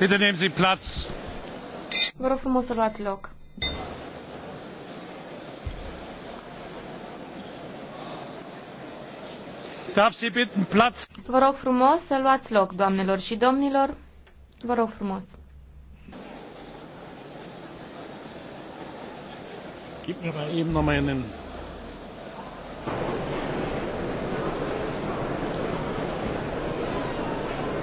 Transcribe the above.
Bitte nehmen Sie Platz. Vă rog frumos să luați loc. Darf Sie bitten Platz. Vă rog frumos să luați loc, doamnelor și domnilor. Vă rog frumos. Gib mir mal eben noch mal einen